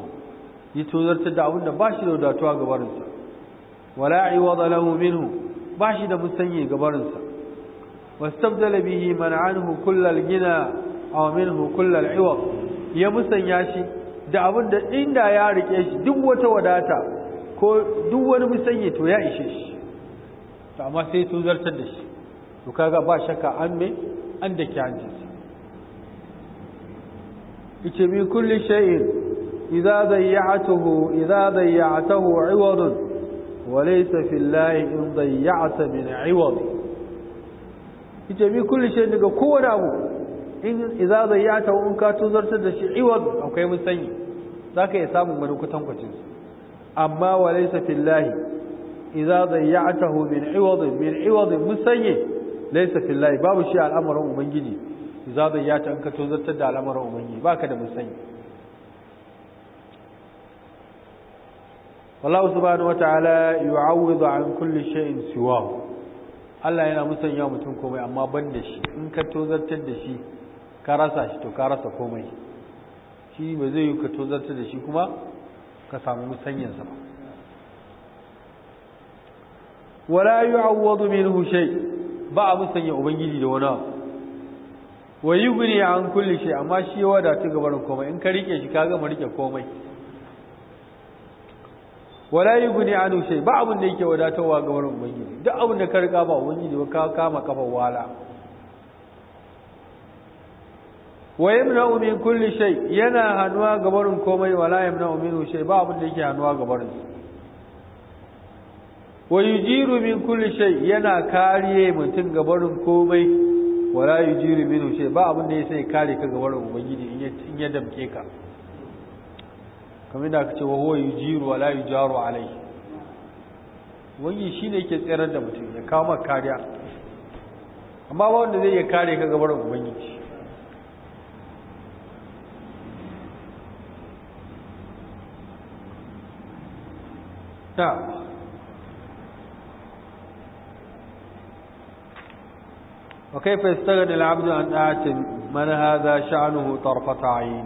يتوزرت da abin da bashi da wadatuwa gabarin sa wala iwada lahu minhu bashi da musanye gabarin sa wastabdala bihi man anhu kull al-ghina aw minhu kull al-iwad ya musanya shi da abin da inda ya rike shi duk wata wadata ko duk wani musanye to ya ishe shi to amma sai tuzartar da shi to kaga ba shaka an an da kyanji يجي كل شيء إذا ضيعته إذا ضيعته عوض وليس في الله إن ضيعت من عوض يجي كل شيء نقول كون أبو إن إذا ضيعته إن كانت تزرت دشي عوض أو كيف سني ذاك يسام من كتم كتنس أما وليس في الله إذا ضيعته من عوض من عوض مسيء ليس في الله باب الشيء الأمر جديد za ya ta ka tozartar da al'amuran umarni ba ka da musani wallahu subhanahu wa ta'ala yu'awwidu an kulli shay'in siwa Allah yana musanya mutum komai amma ban da shi in ka tozartar da shi ka rasa shi to ka rasa komai shi ba zai yi ka tozartar da shi kuma ka samu musanyansa ba wala yu'awwadu minhu shay ba a musanya ubangiji da wani abu wa yughni an kulle shi amma shi wadatu ga barin komai in ka rike shi ka gama rike komai wala guri an shay ba abin da yake wadatawa ga barin ubangiji duk abin da ka rika ba ubangiji ba ka kama kafa wala wa yamna'u min kulle shi yana hannuwa ga komai wala yamna'u minhu shay ba abin da yake hannuwa ga barin wa jiru min kulle shi yana kariye mutum ga komai wala yujiru minhu shay ba abin da ya kare ka ga warin ubangiji in ya damke ka kamar da aka ce wa huwa yujiru wala yujaru alai wani ne yake tsirar da mutum ya kawo maka kariya amma ba wanda zai ya kare ka ga warin ubangiji ta وكيف يستغني العبد عن آت من هذا شأنه طرفة عين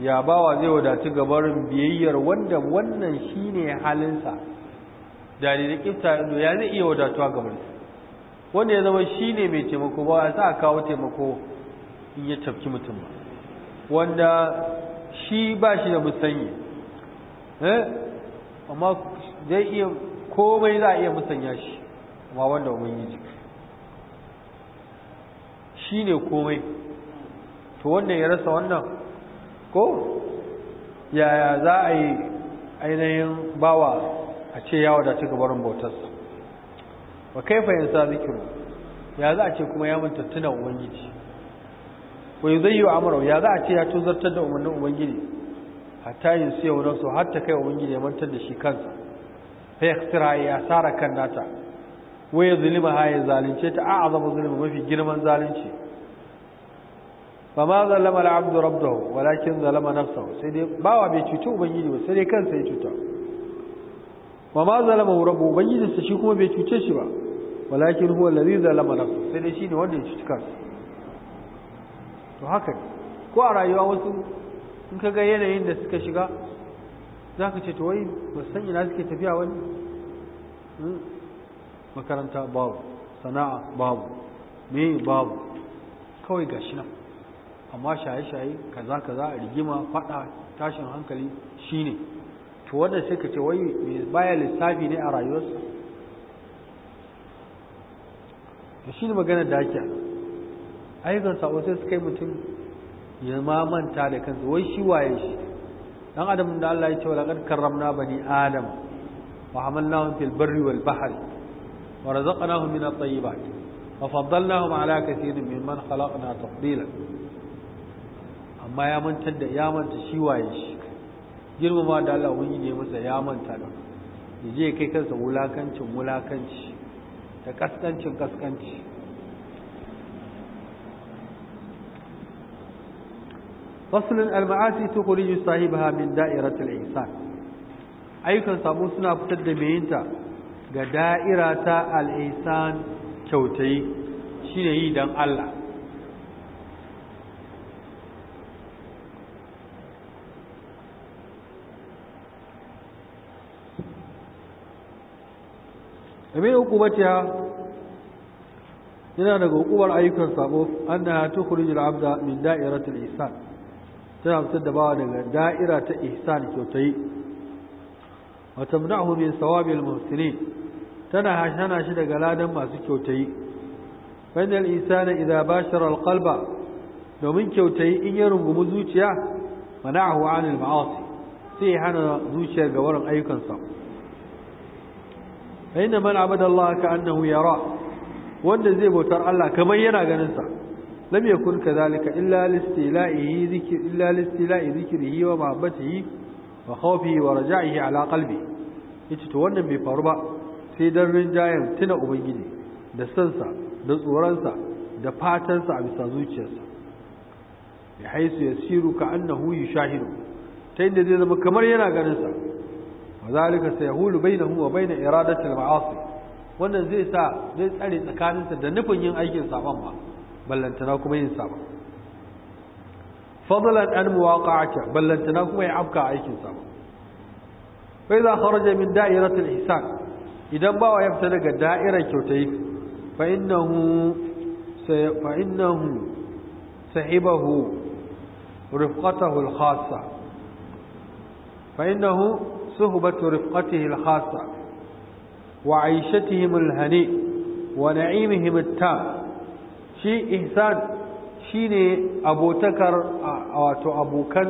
يا باوا zai wadatu gabarin biyayyar wanda wannan shine halinsa da ne da kifta ido ya zai iya wadatuwa gabarin wanda ya zama shine mai taimako ba ya sa kawo taimako in ya tafki mutum ba wanda shi ba shi da musanyi eh amma zai iya komai za a iya musanya shi amma wanda ubangiji shi ne komai to wannan ya rasa wannan ko yaya za a yi ainihin bawa a ce ya wadace gabarin bautarsa wa kaifa yansa zikiru ya za a ce kuma ya manta tuna ubangiji wa yuzayyu ya za a ce ya tuzartar da umarnin ubangiji hatta yin siya wurin har hatta kai ubangiji ya mantar da shi kansa fa yaktira ya tsara kan nata waye zulma haye zalunce ta a'azama zulma mafi girman zalunci fa ma zalama al-abdu rabbahu walakin zalama nafsahu sai dai bawa bai cuci ubangiji ba sai dai kansa ya cuta wa ma zalama rabbuhu ubangiji sa shi kuma bai cuce shi ba walakin huwa allazi zalama nafsahu sai dai shine wanda ya cuci kansa to haka ko a rayuwa wasu in kaga yanayin da suka shiga zaka ce to wai ba san ina suke tafiya wani makaranta babu sana'a babu me babu kawai gashi nan amma shaye-shaye kaza kaza rigima fada tashin hankali shine to wanda sai ka ce wai baya lissafi ne a rayuwarsa da shi ne magana da ake ayyukan sabo sai suka yi mutum ya mamanta da kansa wai shi waye shi dan adam da Allah ya ce wala kad karramna bani adam wa hamalnahum fil barri wal bahri ورزقناهم من الطيبات وفضلناهم على كثير ممن خلقنا تفضيلا amma ya manta da ya manta shi waye shi girmama da Allah wani ne masa ya manta da ya je kai kansa wulakancin wulakanci da kaskancin kaskanci faslin al-ma'asi tukhriju sahibaha min da'iratil ihsan ayyukan samu suna fitar da meyinta ga da'ira ta al'isan kyautai, shi ne yi don Allah amin hukumatiya yana daga hukumar ayyukan sabo an na tukurin abda min da'iratul ihsan tana fitar da bawa daga da'ira ta ihsan kyautai. wa tamna'uhu min sawabil muhsinin tana hana shi daga ladan masu kyautayi fa isa na idza bashara al domin kyautayi in ya rungumi zuciya mana'ahu 'anil ma'asi sai ya hana zuciyar ga wurin ayyukansa fa inna man abada Allah ka annahu yara wanda zai bautar Allah kamar yana ganin sa lam yakun kadhalika illa listila'ihi zikri illa listila'i zikrihi wa mahabbatihi wa khawfi wa raja'ihi ala qalbi yace to wannan bai faru ba sai dan rinjayen tuna ubangiji da sansa da tsoronsa da fatansa a bisa zuciyarsa bi haisu yasiru ka annahu yushahidu ta da-da zai zama kamar yana ganin sa wa zalika sayahulu bainahu wa bain iradatil maasi wannan zai sa zai tsare tsakaninsa da nufin yin aikin saban ba ballantana kuma yin saban fadlan an muwaqa'ata ballantana kuma ya afka aikin sa fa idza kharaja min da'irati al-ihsan idan bawa ya fita daga da'irar kyautai fa innahu fa innahu sahibahu rifqatahu al-khassa fa innahu suhbatu rifqatihi al-khassa wa 'aishatihim al-hani wa na'imihim at-tam shi ihsan shine abotakar a wato abokan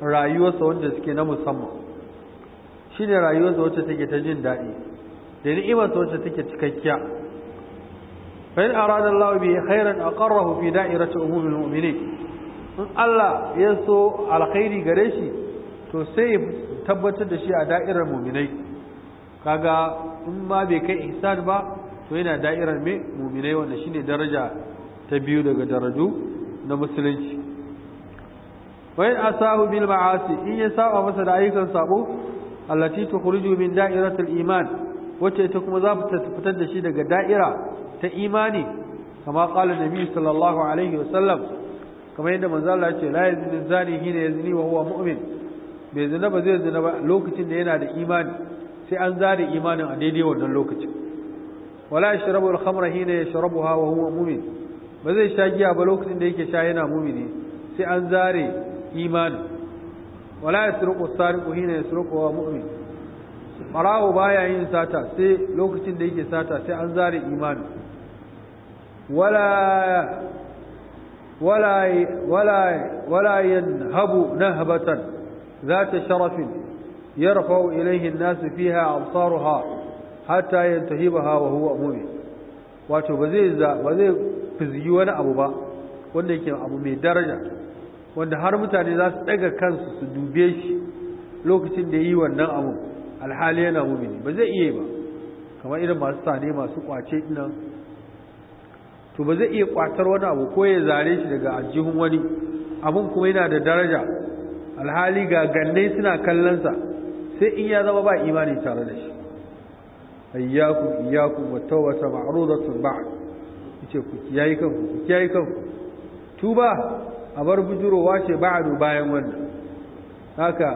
rayuwarsa wanda suke na musamman shi ne rayuwarsa wacce take ta jin daɗi da ni'imarsa wacce take cikakkiya fa in arada Allah bi khairan aqarrahu fi da'irati al mu'minin in Allah ya so alkhairi gare shi to sai tabbatar da shi a da'irar mu'minai kaga in ma bai kai ihsan ba to yana da'irar mu'minai wanda shine daraja ta biyu daga daraju na musulunci in asahu bil ma'asi in ya saba masa da ayyukan sabo allati tukhruju min da'iratil iman wacce ita kuma za ta fitar da shi daga da'ira ta imani kama qala nabi sallallahu alaihi wa sallam. kamar yadda manzo Allah ya ce la yazni zani hina yazni wa huwa mu'min bai zina ba zai zina ba lokacin da yana da imani sai an zare imanin a daidai wannan lokacin wala yashrabu al-khamra hina yashrabuha wa huwa mu'min ba zai sha giya ba lokacin da yake sha yana mu'mini sai an zare imani wala yasruqu sariqu hina yasruqu wa mu'min marahu baya yin sata sai lokacin da yake sata sai an zare imani wala wala wala wala yanhabu nahbatan yarfa'u شرف an-nas fiha absaruha hatta yantahibaha wa huwa mumin, wato ba zai fizgi wani abu ba wanda yake abu mai daraja wanda har mutane za su ɗaga kansu su dube shi lokacin da yi wannan abu alhali yana mumini ba zai iya ba kamar irin masu sane masu kwace nan to ba zai iya kwatar wani abu ko ya zare shi daga aljihun wani abun kuma yana da daraja alhali ga gannai suna kallonsa sai in ya zama ba imani tare da shi ayyaku iyaku wa tawata ma'rudatun ba'd yace ku kiyaye kanku ku kiyaye kanku tuba a bar bujurowa ce ba'adu bayan wannan haka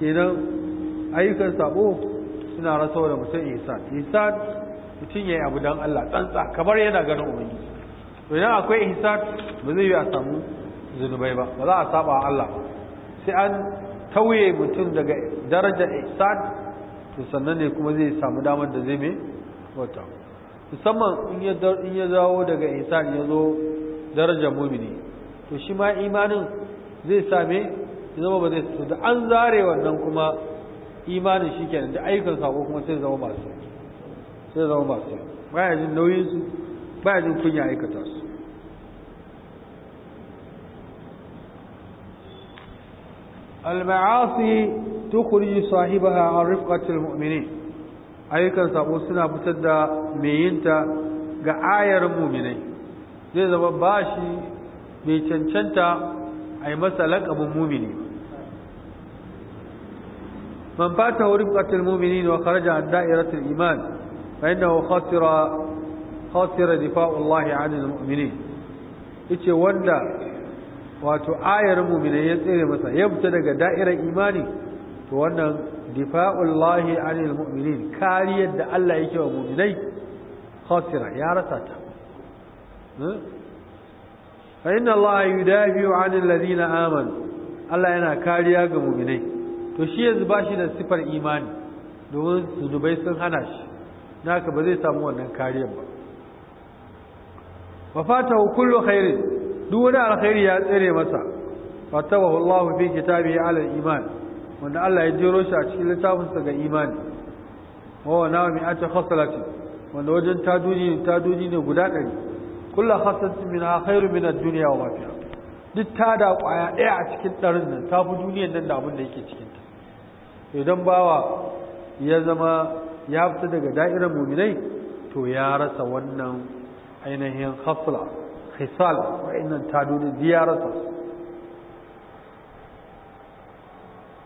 kenan ayyukan sabo suna rasa da mutum ihsan ihsan mutum ya yi abu don Allah tsantsa kamar yana ganin umarni to idan akwai ihsan ba zai yi a samu zunubai ba ba za a saba Allah sai an tauye mutum daga darajar ihsan to sannan ne kuma zai samu damar da zai mai wata musamman in ya dawo daga ihsan ya zo darajar mumini to shi ma imanin zai same zama ba zai su da an zare wannan kuma imanin shi kenan da ayyukan sako kuma sai zama masu sai zama masu baya jin nauyin su baya jin kunya aikata su المعاصي تخرج صاحبها عن رفقة mu'minin ayyukan sabo suna fitar da meyinta ga ayar muminai zai zama ba shi Mai cancanta a yi masa laƙabin mumini man fata wurin ƙartar mumini wa kharaja an da'iratul iman fa da khasira Lahi a hannun mumini yace wanda wato ayar mu'mini ya tsere masa ya fita daga da'irar imani to wannan difa'ullahi hannun mumini kariyar da Allah yake wa mu'minai khasira ya rasa ta hmm? fa inna allaha yudafi'u 'anil ladina amanu Allah yana kariya ga mu'minai to shi yanzu bashi shi da sifar imani domin dubai sun hana shi naka ba zai samu wannan kariyar ba wa fatahu kullu khairin duk wani alkhairi ya tsere masa fatahu Allah fi kitabihi ala iman wanda Allah ya jero shi a cikin littafinsa ga imani wa wa na ata khasalati wanda wajen taduji taduji ne guda ɗari kullu khasatin minha khairu min ad-dunya wa ma duk ta da kwaya ɗaya a cikin ɗarin nan ta fi duniyar nan da abin da yake cikin ta idan bawa ya zama ya fita daga da'irar mu'minai to ya rasa wannan ainihin khasla khisal wa'annan tadonin ya rasa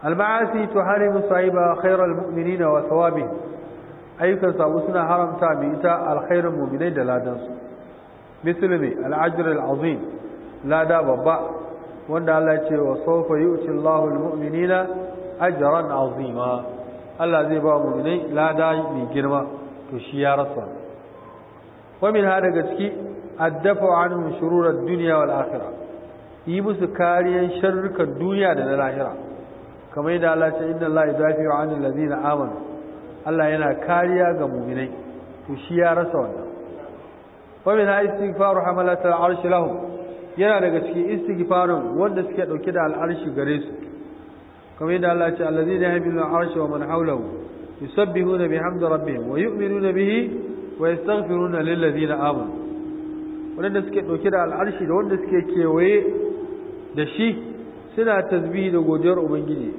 المعاصي تحرم صعيبا mu'minina wa وثوابهم ayyukan sabu suna haramta bi ita alkhairin muminai da ladansu mislimi al'ajir al'azim lada babba wanda Allah ce wa sofa yi uci Allah mu'minina ajiran azima Allah zai ba mu'minai lada mai girma to shi ya rasa wamin ha daga ciki a dafa anhum shururar duniya wal akhirah yi musu kariyan sharrukan duniya da na lahira kamar yadda Allah ce inna Allah yudafi wa anil ladina amanu Allah yana kariya ga mu'minai to shi ya rasa wannan wa min istighfaru hamalat al'arshi lahum yana daga cikin istighfarin wanda suke dauke da al'arshi gare su kamar yadda Allah ya ce allazina yahmilu al'arsha wa man hawlahu yusabbihuna bihamdi rabbihim wa yu'minuna bihi wa yastaghfiruna lil ladzina amanu wanda suke dauke da al'arshi da wanda suke kewaye da shi suna tasbihi da godiyar ubangiji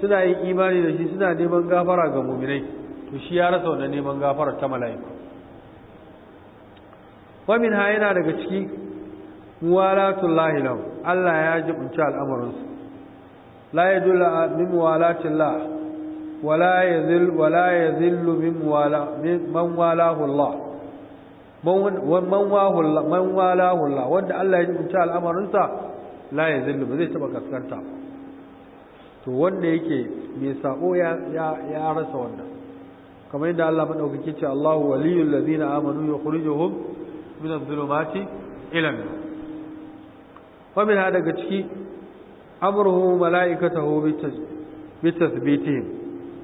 suna yin imani da shi suna neman gafara ga mu'minai to shi ya rasa wannan neman gafara ta mala'iku wa ha yana daga ciki muwalatul lahi lahu Allah ya jibunta al'amarin su la yadullu min muwalatil wala wala yazil wala zillu min muwala man walahu Allah man wahu man walahu Allah wanda Allah ya jibunta al'amarin sa la zillu ba zai taba kaskanta to wanda yake mai sako ya ya rasa wannan kamar yadda Allah madaukake ce Allahu waliyul ladina amanu yukhrijuhum من الظلمات إلى ila ومن هذا min أمره daga ciki الله malaikatahu bi tathbitihim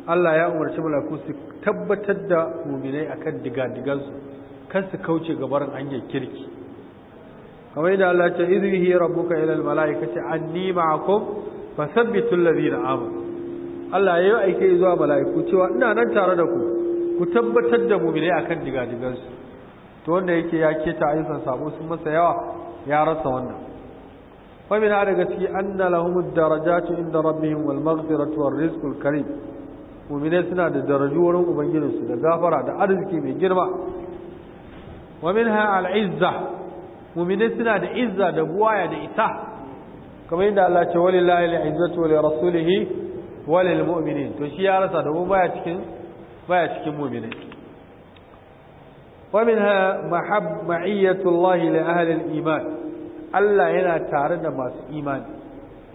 Allah ya umarci malaku su tabbatar da mu'minai akan digadigansu kan su kauce gabarin hanyar kirki kamar yadda Allah ce izrihi rabbuka ila al-malaikati anni Allah ya yi aiki zuwa mala'iku cewa ina nan tare da ku ku tabbatar da mu'minai akan digadigansu to wanda yake ya keta ayyukan sabo sun masa yawa ya rasa wannan fa min daga ciki anna lahum darajatu inda rabbihim wal maghfiratu war rizqul karim mu'minai suna da daraju wurin ubangijinsu da gafara da arziki mai girma wa minha al izza mu'minai suna da izza da buwaya da ita. kamar yadda Allah ce walillahi al izzatu wa li rasulihi wa lil mu'minin to shi ya rasa da baya cikin baya cikin mu'minai ومنها محب معية iman. Allah yana tare da masu imani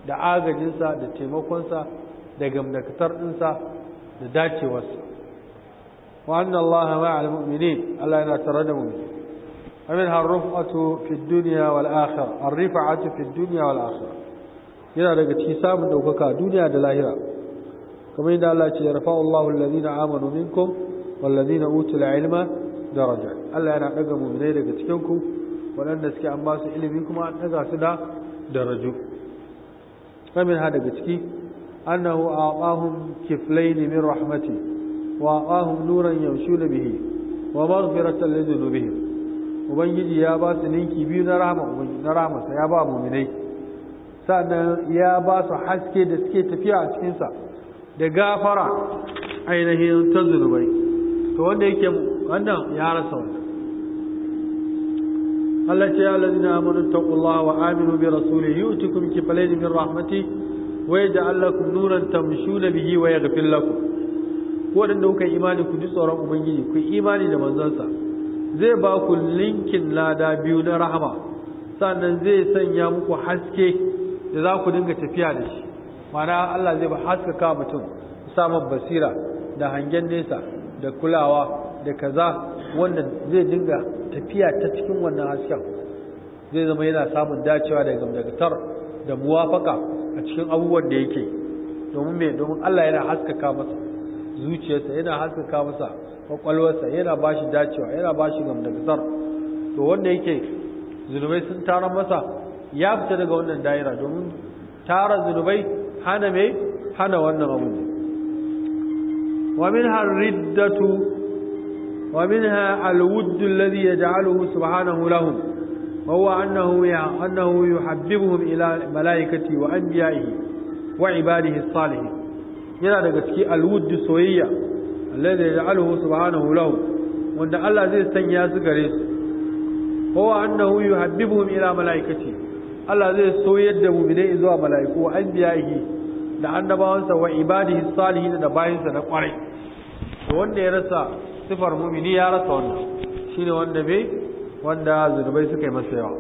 da agajinsa da taimakonsa da gamdakatar ɗinsa da dacewarsa wa anna Allah ma'al Allah yana tare da mu'mini wa min harrufatu fi dunya wal akhirah arrifa'atu fi dunya wal yana daga cikin samun ɗaukaka duniya da lahira kamar yadda Allah ya ce yarfa'u Allahu amanu minkum wal ladina utul ilma daraja Allah yana ɗaga mu'minai daga cikin ku waɗanda suke an ba su ilimi kuma an daga su da daraju kamin ha daga ciki annahu a'ahum kiflayn min rahmati wa a'ahum nuran yamshuna bihi wa maghfiratan li dhunubihim ubangiji ya ba su ninki biyu na rahama ubangiji na rahama ya ba mu'minai sannan ya ba su haske da suke tafiya a cikinsa da gafara ainihin ta zunubai to wanda yake wannan ya rasa wannan Allah ce ya na amurin taqullaha wa aminu bi rasulihi yu'tikum kifalayn min rahmati wa yaj'al lakum nuran na bihi wa yaghfir lakum ko da kuka imani ku ji tsoron ubangiji ku imani da manzansa zai ba ku linkin lada biyu na rahama sannan zai sanya muku haske da za ku dinga tafiya da shi mana Allah zai ba haskaka mutum samun basira da hangen nesa da kulawa da kaza wanda zai dinga tafiya ta cikin wannan hasken zai zama yana samun dacewa da gamdagatar da muwafaka a cikin abubuwan da yake domin me domin Allah yana haskaka masa zuciyarsa yana haskaka masa kwakwalwarsa yana ba shi dacewa yana ba shi gamdagatar to wanda yake zunubai sun tara masa ya fita daga wannan daira domin tara zunubai hana mai hana wannan abu wa min riddatu. ومنها الود الذي يجعله سبحانه لهم وهو أنه, أنه يحببهم إلى ملائكته وأنبيائه وعباده الصالحين yana daga ciki alwuddu soyayya alladhi yaj'aluhu subhanahu lahu wanda Allah zai sanya su gare su huwa annahu yuhabbibuhum ila malaikati Allah zai soyar da mu'minai zuwa malaiku wa anbiya'ihi da annabawansa wa ibadihi salihin da bayinsa na kwarai wanda ya rasa sifar mumini ya rasa wannan ne wanda bai wanda zunubai suka yi masa yawa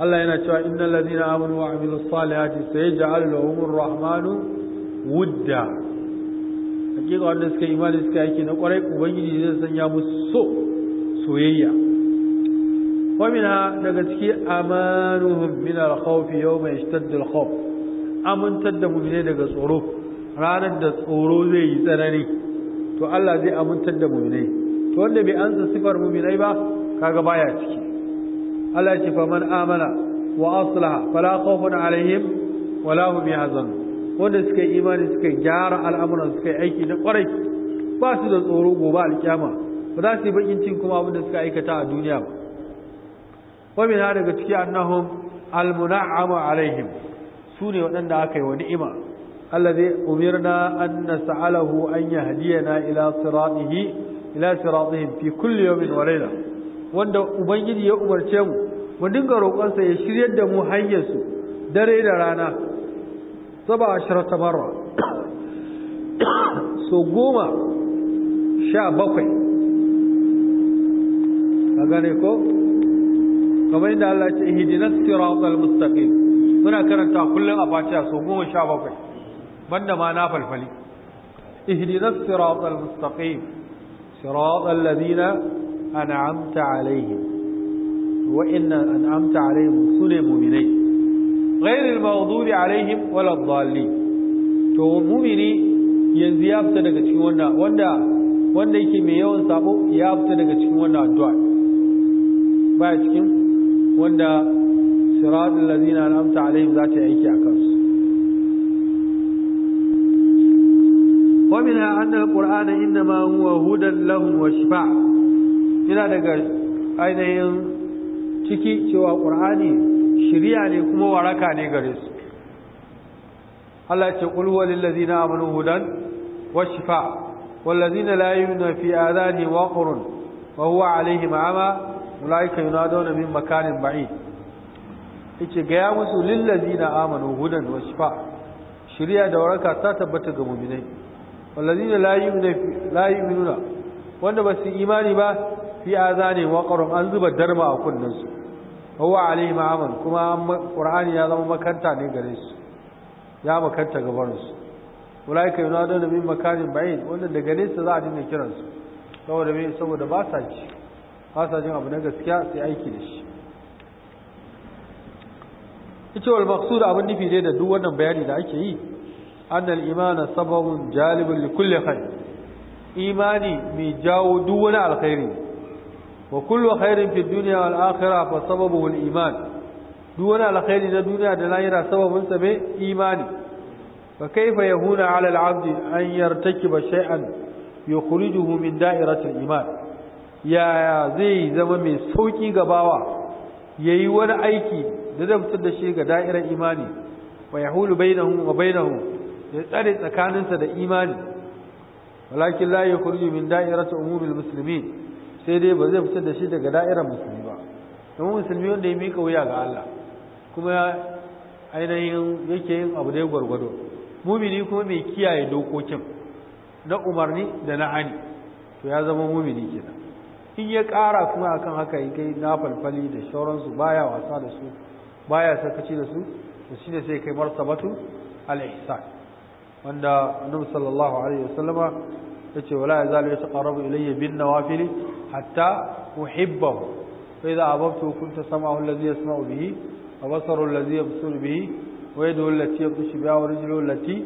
Allah yana cewa innal ladina amanu wa amilus salihati sayaj'alu lahumur rahmanu wudda hakika wanda suka imani suka yake na kwarai ubangiji zai sanya musu so soyayya wa daga ciki amanuhum min al-khawf yawma yashtaddu al-khawf amintar da mu'mine daga tsoro ranar da tsoro zai yi tsanani to Allah zai amintar da mu'minai to wanda bai ansa sifar mu'minai ba kaga baya ciki Allah ya ce faman amana wa aslaha fala khawfun alaihim wala hum yahzan wanda suka yi imani suka gyara al'amuran suka yi aiki na kwarai ba su da tsoro gobe alkiyama ba za su yi bakin cin kuma abin da suka aikata a duniya ba wa min daga ciki annahum almun'amu alaihim su ne waɗanda aka yi wa ni'ima الذي أمرنا أن نسأله أن يهدينا إلى صراطه إلى صراطهم في كل يوم وليلة wanda ubangiji ya umarce mu mu dinga roƙonsa ya shiryar da mu su dare da rana saba ashara tabarra so goma sha bakwai ka gane ko kamar yadda Allah ce ihdinas siratal mustaqim muna karanta kullum a fatiha so goma sha bakwai banda ma na falfali ihdinas siratal mustaqim siratal ladina an'amta alaihim wa inna an'amta alaihim sune mu'minai ghayril maghdubi alaihim waladdallin to mu'mini yanzu ya fita daga cikin wanda wanda wanda yake mai yawan sabo ya fita daga cikin wannan addu'a baya cikin wanda siratal ladina an'amta alaihim za ta yi aiki a kansu ومنها أن القرآن إنما هو هدى wa shifa. إلى daga ainihin ciki cewa ƙur'ani shirya ne kuma waraka ne gare su Allah ce qul walil ladina amanu hudan wa shifa wal ladina la yu'minuna fi adani waqrun wa huwa alaihim ama ulaika yunaduna min makanin ba'id yace ga ya musu lil ladina amanu hudan wa shifa shirya da waraka ta tabbata ga mu'minai wallazina la yu'minu la yu'minuna wanda ba su imani ba fi azani waqarun an zuba darma a kunnansu huwa alayhi ma'amun kuma qur'ani ya zama makanta ne gare su ya makanta gaban su ulaika yunaduna min makanin bayin wannan daga nesa za a dinga kiransu saboda me saboda ba sa ci ba sa jin abu na gaskiya sai aiki da shi ita wal maqsud abin nufi dai da duk wannan bayani da ake yi أن الإيمان سبب جالب لكل خير إيماني ميجاو دون الخير وكل خير في الدنيا والآخرة فسببه الإيمان دون الخير في الدنيا دلائر سبب سبب إيماني فكيف يهون على العبد أن يرتكب شيئا يخرجه من دائرة الإيمان يا زي زمامي سوكي قباوة ييوان أيكي ندفت zai دائرة إيماني ويحول بينهم وبينهم ya tsare tsakaninsa da imani walakin la kurji min da'irati umumil muslimin sai dai ba zai fita da shi daga da'irar musulmi ba Kuma musulmi wanda ya mika wuya ga Allah kuma ainihin yake yin abu da ya gwargwado mumini kuma mai kiyaye dokokin na umarni da na ani, to ya zama mumini kenan in ya ƙara kuma akan haka ya kai na falfali da shauransu baya wasa da su baya sakaci da su to shine sai kai martabatu al-ihsan wanda annabi sallallahu alaihi wasallama yace wala yazalu yataqarrabu ilayya bin nawafil hatta uhibbahu fa idha ahbabtu kuntu sam'ahu alladhi yasma'u bihi wa basaru alladhi yabsuru bihi wa yaduhu allati yabshu biha wa rijluhu allati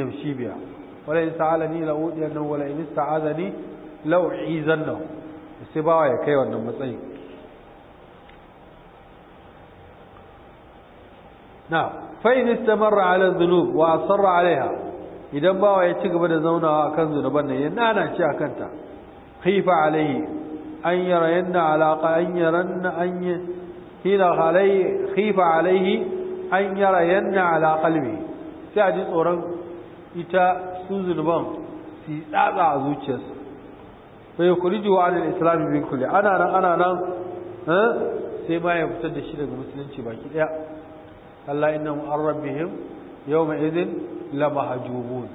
yamshi biha wala in sa'alani la udiyannahu wala in ista'adani la u'izannahu sai bawa ya kai wannan matsayin na fa in istamarra ala dhunub wa asarra alaiha idan bawa ya ci gaba da zaunawa akan zunuban nan ya nana shi a kanta khifa alaihi an yarayanna alaqa an na an hina alaihi khifa alaihi an yarayanna ala qalbi sai a ji tsoron ita su zunuban su tsatsa a zuciyarsa fa yukhrijuhu an al islami bin kuli ana nan ana nan sai ma ya fitar da shi daga musulunci baki daya Allah inna mu'arrabihim yau mai izin lama hajjubun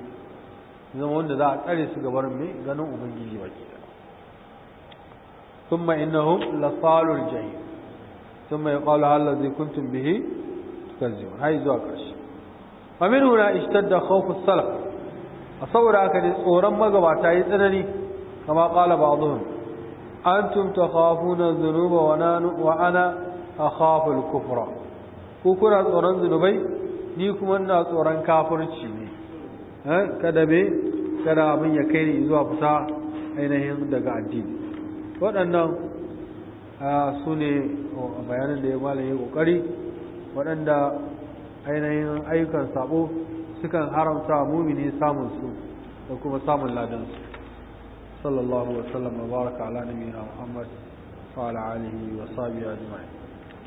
zama wanda za a tsare su gabar mai ثم إنهم لصال الجحيم ثم يقال هذا الذي كنتم به تكذبون هاي زوا كرش ومن هنا اشتد خوف السلف أصور أكد صورا مغبا يتنني كما قال بعضهم أنتم تخافون الذنوب وأنا أخاف الكفر كفر صورا ذنوبي ni kuma ina tsoron kafirci ne kada me kada abin ya kai ni zuwa fita ainihin daga addini waɗannan su ne bayanin da ya yi ƙoƙari waɗanda ainihin ayyukan sabo sukan haramta mumini samun su da kuma samun ladansu sallallahu wasallam wa baraka ala nabiyina muhammad wa ala alihi wa sahbihi ajma'in